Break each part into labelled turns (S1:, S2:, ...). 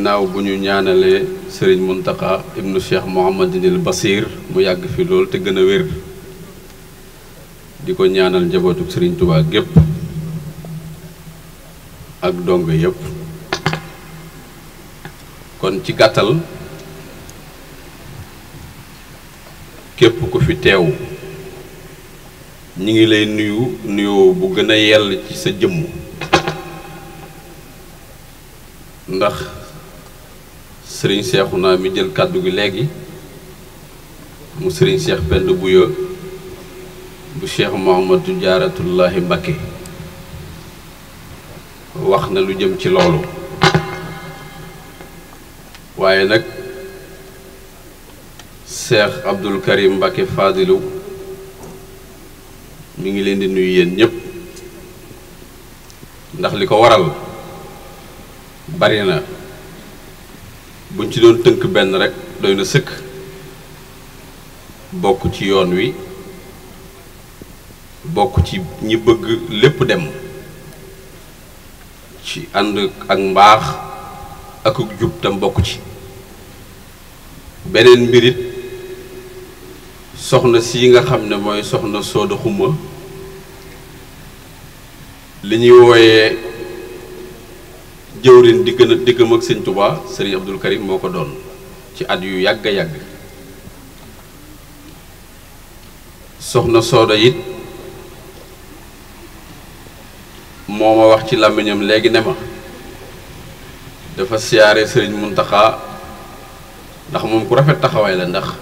S1: ginnaaw bu ñu ñaanalee sëriñ Mountakha ibnu Cheikh Mouhamadinil Basir mu yàgg fi lool te gën a wér di ko ñaanal njabootu sëriñ Touba gépp ak dong yépp kon ci gàttal képp ko fi teewu ñu ngi lay nuyu nuyoo bu gën a yell ci sa jëmm ndax sëriñ Seexuna mi jël kàddu gi léegi mu sëriñ Seex Pend Buyo bu Cheikh Mouhamadou Jaaratullahi Mbakke wax na lu jëm ci loolu waaye nag Cheikh Abdul Karim Mbakke Fadilu mi ngi leen di nuyu yéen ñëpp ndax li ko waral bari na buñ ci doon tënk benn rekk doy na sëkk bokk ci yoon wi bokk ci ñi bëgg lépp dem ci ànd ak mbaax ak jub tam bokk ci beneen mbirit soxna si nga xam ne mooy soxna sooda xuma li ñuy wooyee jëwrin di gën a diggam ak sëñ Touba sëriñ Abdul Karim moo ko doon ci at yu yàgg yàgg soxna Sooda it moo ma wax ci làmmiñam léegi ne ma dafa siyaare sëriñ Muntaxa ndax moom ku rafet taxawaay la ndax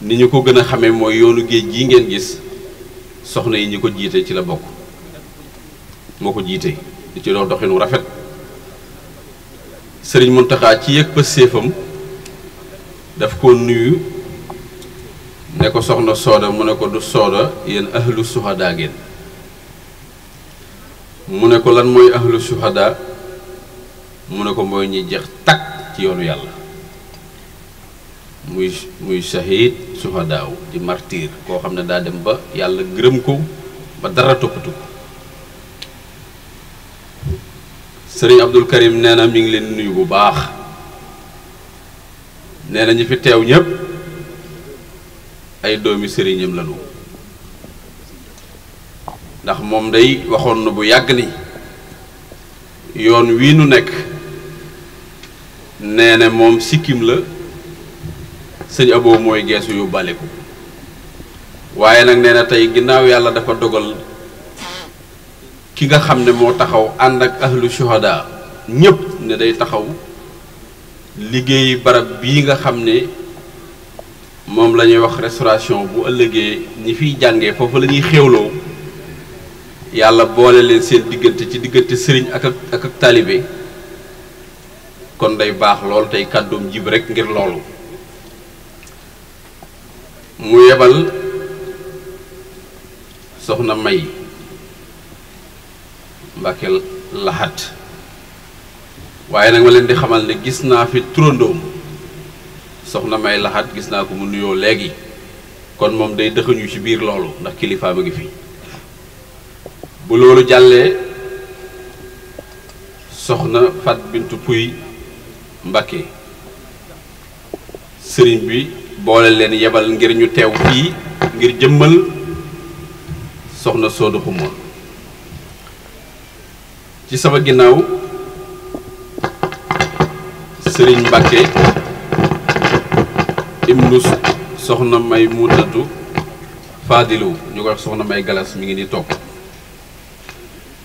S1: ni ñu ko gën a xamee mooy yoonu géej gii ngeen gis soxna yi ñu ko jiite ci la bokk moo ko jiite di ci dox doxinu rafet sëriñ Muntaxa ci yëg pëstéefam daf ko nuyu ne ko soxna sooda mu ne ko du sooda yéen ahlu suhadaa ngeen mu ne ko lan mooy ahlu suhadaa mu ne ko mooy ñi jeex takk ci yoonu yàlla muy muy shahid suhadaaw di martiir koo xam ne daa dem ba yàlla gërëm ko ba dara toppatu sëriñ Abdul Karim nee na mi ngi leen nuyu bu baax nee nañu fi teew ñépp ay doomi sëriñam lañu ndax moom day waxoon na bu yàgg ni yoon wii nu nekk nee na moom sikkim la sëñ aboo mooy geesu yóbbaale ko waaye nag nee na tey ginnaaw yàlla dafa dogal ki nga xam ne moo taxaw ànd ak ahlu shuhada ñépp ne day taxaw liggéey barab bii nga xam ne moom la ñuy wax restauration bu ëllëgee ñi fiy jàngee foofu lañuy ñuy xéewloo yàlla boole leen seen diggante ci diggante sëriñ ak ak ak ak kon day baax lool tey kàddoom jib rek ngir loolu mu yebal soxna May Mbàkke laxat waaye nag ma leen di xamal ne gis naa fi turandoom soxna May Lahat gis naa ko mu nuyoo léegi kon moom day dëxëñu ci biir loolu ndax kilifaam a ngi fi bu loolu jàllee soxna Fat Bintu Puy Mbàkke sëriñ bi boole leen yebal ngir ñu teew fii ngir jëmmal soxna Soodu Xumoon ci sama ginnaaw Serigne Mbacke ibnu soxna may mutatu Fadilu ñu ko wax soxna may galas mi ngi ni toog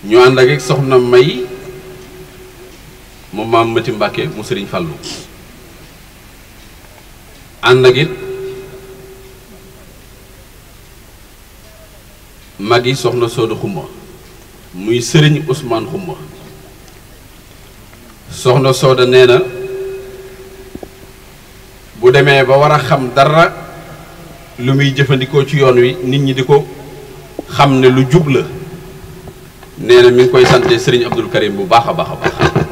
S1: ñu ànd ak soxna may mu maam Mati Mbacke mu Serigne Fallou ànd ak it mag yi soxna soodu xuma muy sëriñ Ousmane Xumba soxna Sooda nee na bu demee ba war a xam dara lu muy jëfandikoo ci yoon wi nit ñi di ko xam ne lu jub la nee na mi ngi koy santee sëriñ Abdul Karim bu baax a baax a baax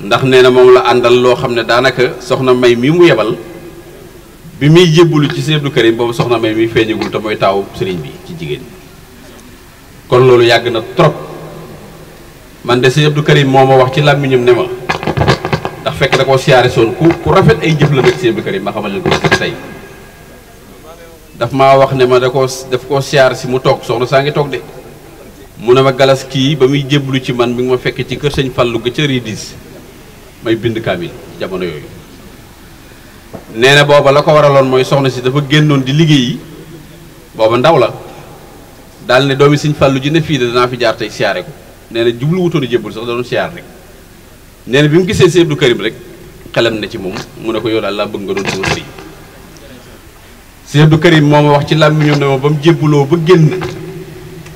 S1: ndax nee na moom la àndal loo xam ne daanaka soxna May mii mu yebal bi muy jébbalu ci sëriñ Abdul Karim boobu soxna May mi feeñagul te mooy taawu sëriñ bi ci jigéen kon loolu yàgg na trop man de sëñ Abdou moo ma wax ci làmmiñam ne ma ndax fekk da koo siyaare soon ku ku rafet ay jëf la nag sëñ Abdou Karim ma xamal leen ko tey daf ma wax ne ma da koo daf koo siyaar si mu toog soxna saa ngi toog de mu ne ma galas kii ba muy jéblu ci man mi ngi ma fekk ci kër sëñ Fallou ga ca Ridis may bind kaamil jamono yooyu nee na booba la ko waraloon mooy soxna si dafa génnoon di liggéeyi booba ndaw la daal ne doomi sëñ fàllu ji ne fii de danaa fi jaar tey siyaare ko nee na jublu wutoon jébbal sax da doon siyaar rek nee bi mu gisee sëñ Abdou Karim rek xelam na ci moom mu ne ko yow daal laa bëgg nga doon sama sëriñ sëñ Abdou Karim moo ma wax ci ne ma ba mu jébbaloo ba génn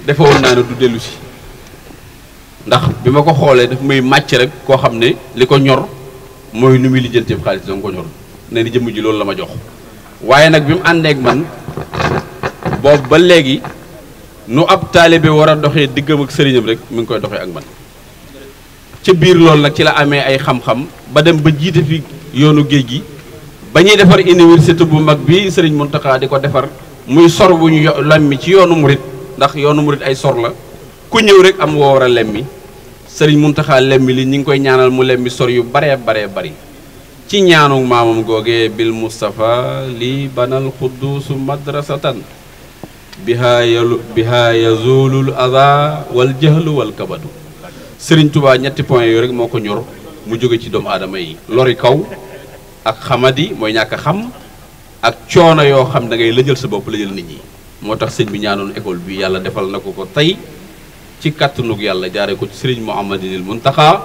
S1: defewoon naa dellu si ndax bi ma ko xoolee daf muy màcc rek koo xam ne li ko ñor mooy nu muy lijjanteem xaalis danga ko ñor nee jëmm ji loolu la ma jox waaye nag bi mu àndeeg man boobu ba léegi nu ab taalibe war a doxee diggam ak sëriñam rek mu ngi koy doxee ak man ca biir loolu nag ci la amee ay xam-xam ba dem ba jiite fi yoonu géej gi ba ñuy defar université bu mag bi sëriñ Mountakha di ko defar muy sor wu ñu ci yoonu murit ndax yoonu murit ay sor la ku ñëw rek am woo war a lemmi sëriñ Mountakha lemmi li ñu ngi koy ñaanal mu lemmi sor yu baree baree bari ci ñaanu maamam googee bil Moustapha li banal xudduusu madrasatan bihaa yalu bihaa yazulul aza wal jahlu wal kabadu ñetti point yooyu rek moo ko ñor mu jóge ci doomu aadama yi lori kaw ak xamadi mooy ñàkk xam ak coono yoo xam da ngay lëjal sa bopp lëjal nit ñi moo tax sëñ bi ñaanoon école bi yàlla defal na ko ko tey ci kàttanug yàlla jaare ko ci Serigne Mouhamadinil Muntaxa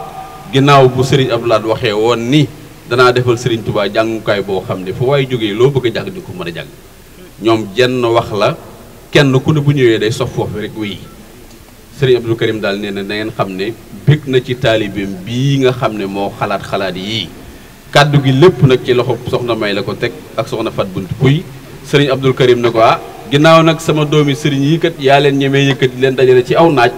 S1: ginnaaw bu Serigne Abdoul Ahad waxee woon ni danaa defal sëriñ Touba jàngukaay boo xam ne fu waay jóge loo bëgg a jàng di ko mën a jàng la kenn ku ne bu ñëwee day sox foofu rek wéy sëriñ Abdou Karim daal nee na na ngeen xam ne bég na ci taalibeem bii nga xam ne moo xalaat xalaat yii kàddu gi lépp nag ci loxo soxna May la ko teg ak soxna Fat Bunt Puy sëriñ Abdou Karim na ko ah ginnaaw nag sama doomi sëriñ yi kat yaa leen ñemee yëkkati leen dajale ci aw naaj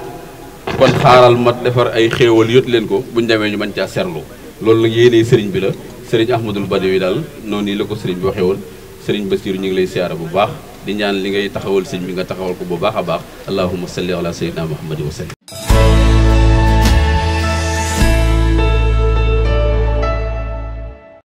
S1: kon xaaral ma defar ay xéewal yot leen ko buñ demee ñu mën caa serlu loolu nag yéenee sëriñ bi la sëriñ Ahmadul Badawi daal noonu la ko sëriñ bi waxee woon sëriñ Basiiru ñu ngi lay siyaara bu baax di ñaan li ngay taxawal sëñ bi nga taxawal ko bu baax a baax allahuma salli ala sayyidina muhammadin wa sallim